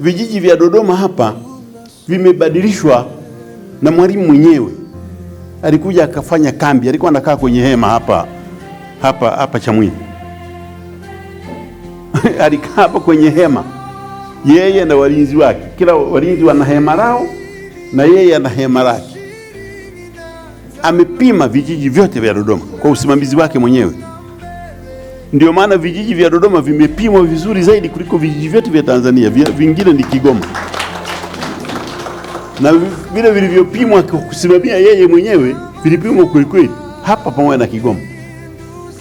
vijiji vya Dodoma hapa vimebadilishwa na mwalimu mwenyewe alikuja akafanya kambi, alikuwa anakaa kwenye hema hapa hapa hapa Chamwino alikaa hapa kwenye hema, yeye na walinzi wake. Kila walinzi wana hema lao na yeye ana hema lake. Amepima vijiji vyote vya Dodoma kwa usimamizi wake mwenyewe. Ndio maana vijiji vya Dodoma vimepimwa vizuri zaidi kuliko vijiji vyote vya Tanzania, vingine ni Kigoma na vile vilivyopimwa kusimamia yeye mwenyewe vilipimwa kwelikweli hapa pamoja na Kigoma.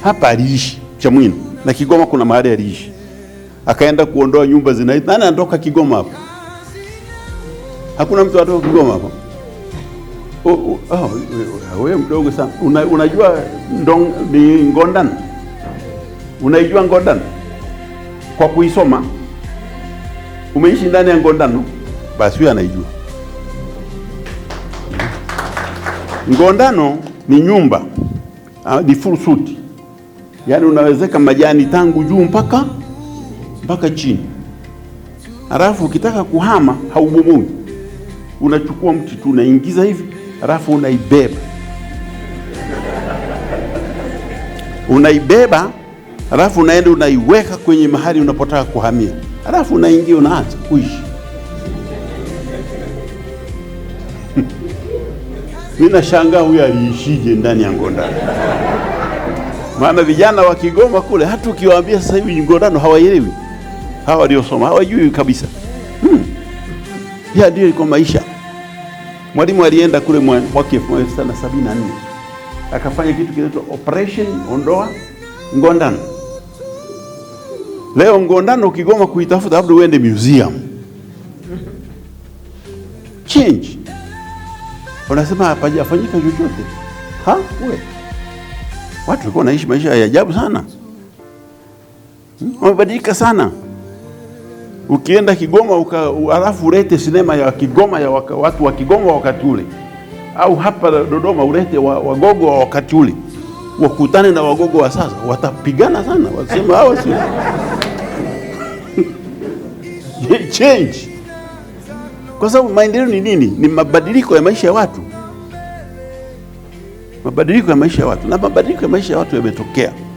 Hapa aliishi Chamwino na Kigoma kuna mahali aliishi, akaenda kuondoa nyumba zinaitwa nani, anatoka Kigoma hapa, hakuna mtu anatoka Kigoma hapa. Ah, wewe mdogo sana, unajua ndong ni Ngondani Unaijua ngodano kwa kuisoma? Umeishi ndani ya ngondano Basi huyo anaijua ngondano Ni nyumba ni full suit, yaani unawezeka majani tangu juu mpaka mpaka chini, alafu ukitaka kuhama haubomui, unachukua mti tu unaingiza hivi, alafu unaibeba unaibeba alafu unaenda unaiweka kwenye mahali unapotaka kuhamia, alafu unaingia unaanza kuishi. Mimi nashangaa huyo aliishije ndani ya ngondano Maana vijana wa Kigoma kule hata ukiwaambia sasa hivi Ngondano hawaelewi, hawa waliosoma hawajui kabisa. Hmm. Ya ndio ilikuwa maisha. Mwalimu alienda kule mwaka 1974 akafanya kitu kinaitwa Operation Ondoa Ngondano. Leo Ngondano ukigoma kuitafuta labda uende museum. Change. Unasema hapajafanyika chochote. Ha? Wewe. Watu walikuwa wanaishi maisha ya ajabu sana. Wamebadilika sana. Ukienda Kigoma uka, alafu ulete sinema ya Kigoma ya waka, watu wa Kigoma wakati ule au hapa Dodoma ulete wagogo wa, wa wakati ule wakutane na wagogo wa sasa, watapigana sana, wasema hawa sio change, kwa sababu maendeleo ni nini? Ni mabadiliko ya maisha ya watu, mabadiliko ya maisha ya watu, na mabadiliko ya maisha ya watu yametokea.